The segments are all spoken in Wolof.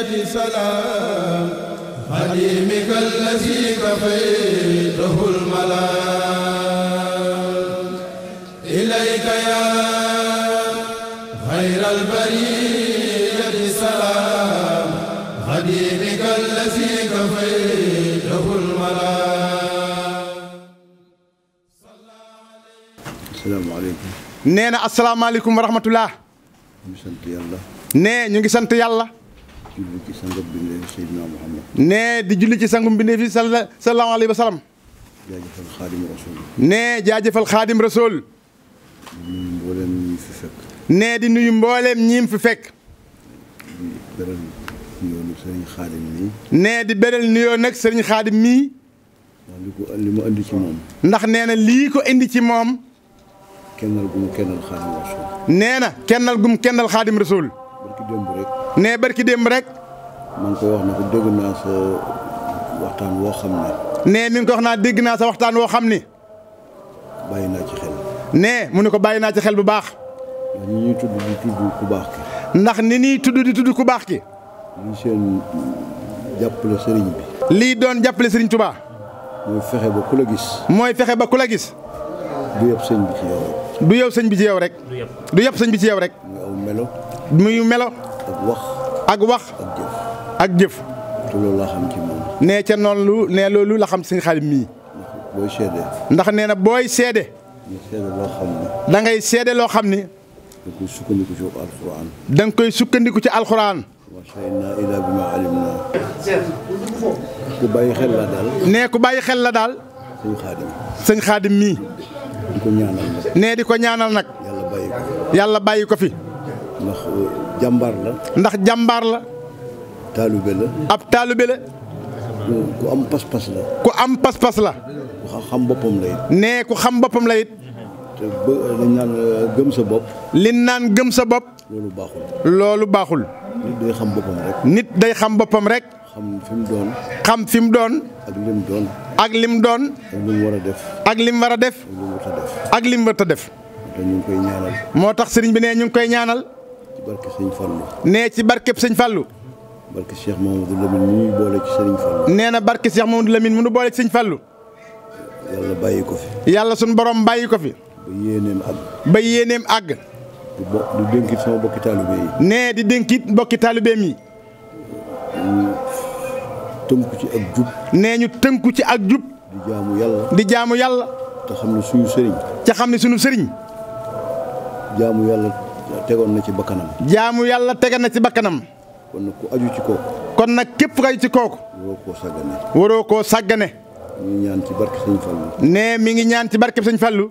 التحية سلام خديمك الذي كفيته الملام إليك يا خير البرية سلام خديمك الذي كفيته الملام السلام عليكم nee na asalaamaaleykum wa rahmatullah. ñu ngi sant yàlla. nee ñu ngi sant yàlla. di nee di julli ci sangam bindee fi sallallahu alayhi wa jaajëfal xaadim rasul. nee di nuyu mbooleem ñi fi fekk. nee di nuyu mbooleem ñi fi fekk. beral nuyoo nag sëriñ xaadim mii. nee di beral nuyoo nag sëriñ xaadim mii. mu indi ndax nee na lii ko indi ci moom. kennal xaadim rasul. nee na kennal gum kennal xaadim rasul. nee barki démb rek. maa ngi wax ne ko dégg naa sa waxtaan woo xam ne. nee mi ngi ko wax naa dégg naa sa woo xam ni. bàyyi naa ci xel. nee mu ne ko bàyyi naa ci xel bu baax. ndax ni ñuy tudd di tudd ku baax ki. ni ñuy tudd di baax ki. lii seen jàppale sëriñ bi. lii doon jàppale sëriñ Tuubaa. mooy fexe ba ku la gis. mooy fexe ba ku la gis. du yëpp sëñ bi ci yow du yow sëñ bi ci yow rek. du yëpp sëñ bi ci yow rek. muy aw melo. muy melo. ak wax. ak wax jëf. te nee ca noonu lu nee loolu la xam sëñ Xaadim mii. booy ndax nee na booy seede. da seede loo xam ni. da koy sukkandiku ci alxuraan. da bàyyi xel la daal. nee ku bàyyi xel la daal. sëñ Xaadim. sëñ ko ñaanal nag. nee di ko ñaanal nag. yàlla bàyyi ko fi. ndax euh, jàmbaar la. ndax jàmbaar la. taalube la. ab taalube la. ku am pas-pas la. ku am pas-pas la. ku xam boppam la nee ku xam boppam la it. te liñ naan euh, gëm sa bopp. liñ naan gëm sa bopp. loolu baaxul. loolu baaxul. nit day xam boppam rek. nit day xam boppam rek. xam fi mu doon. xam fi mu doon. ak lim doon. ak lim doon. ak war a def. ak li mu war a def. ak li mu a war a def. moo tax ñu bi nee ñu ngi koy ñaanal. barke sëñ Fallou. nee ci barkeb sëñ Fallou. barke Cheikh Mamadou boole ci sëñ Fallou. nee na barke Cheikh Mamadou Lamine mu ñu boole ci sëñ Fallou. yàlla bàyyi ko fi. yàlla sunu borom bàyyi ko fi. ba yéeneem àgg. ba yéeneem àgg. di bo di dénkit sama bokki taalibe yi. nee di dénkit bokki taalibeem yi. ñu tënku ci ak jub. nee ñu tënku ci ak jub. di jaamu yàlla. di jaamu yàlla. te xam ne suñu sëriñ. te xam ne suñu sëriñ. jaamu yàlla. tegoon na ci bakkanam. jaamu yàlla tegoon na ci bakkanam. kon nag ku aju ci kooku. kon nag képp ku aju ci kooku. waroo koo sàggane. waroo koo sàggane. mi ngi ñaan ci barke Sëñ Fallou. nee mi ngi ñaan ci barke sañ Fallou.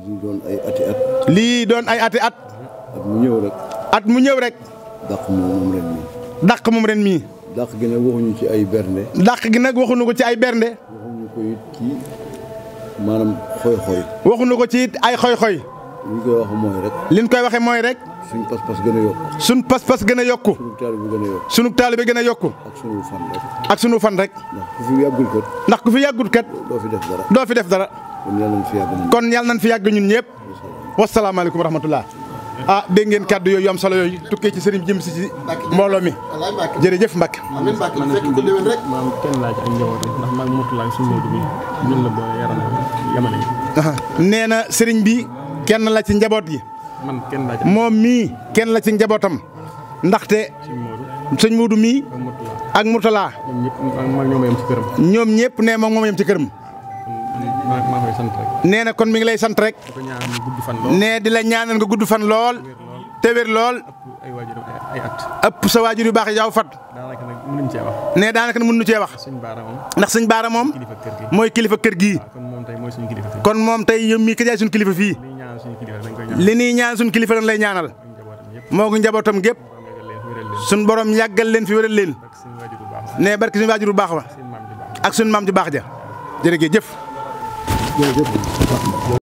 lii doon ay ati at. lii doon ay ati at. at mu ñëw rek. at mu ñëw rek. dàq moom ren mii. dàq moom gi nag waxuñu ci ay bernde. dàq gi nag waxuñu ko ci ay bernde. waxuñu ko it ci maanaam xoy-xoy. waxuñu ko ci ay xoy-xoy. li ñu koy wax mooy rek. li ñu koy waxee mooy rek. suñ pas-pas gën a yokku. suñ pas-pas gën a yokku. suñu ak suñu fan rek. ndax ku fi yàggul kat. doo fi def dara. doo fi def kon yàlla nañ fi yàgg ñun. kon yàlla nañ fi yàgg ñun ñëpp. wasalaamaaleykum rahmatullah ah dégg ngeen kàddu yooyu am solo yooyu tukkee ci sëriñ jëm si ci mbooloo mi jërëjëf Mbacke. amiin la ko déwén rek. maam kenn laaj ak njaboot rek ndax man nee na sëriñ bi kenn la ci njaboot gi. man kenn la ci moom mii kenn la ci njabootam ndaxte. sëñ Moodu mii. ak Mourtala. ñoom ñëpp ne moom moom yem ci këram. nee na kon mi ngi lay sant rek. nee di la ñaanal nga gudd fan lool. te wér lool. ëpp sa waajur yu baax yi yaaw ne nee daanaka nag mënuñu cee wax. ndax sëñ Baara moom. mooy kilifa kër gi kon moom tey yow mii ka jaay suñu kilifa fii. li ñuy ñaan suñ kilifa dañ lay ñaanal moo ngi njabootam gépp suñ boroom yàggal leen fi wéral leen ne barki suñu waajur bu baax ba ak suñ maam ju baax ja jërëjëf jëf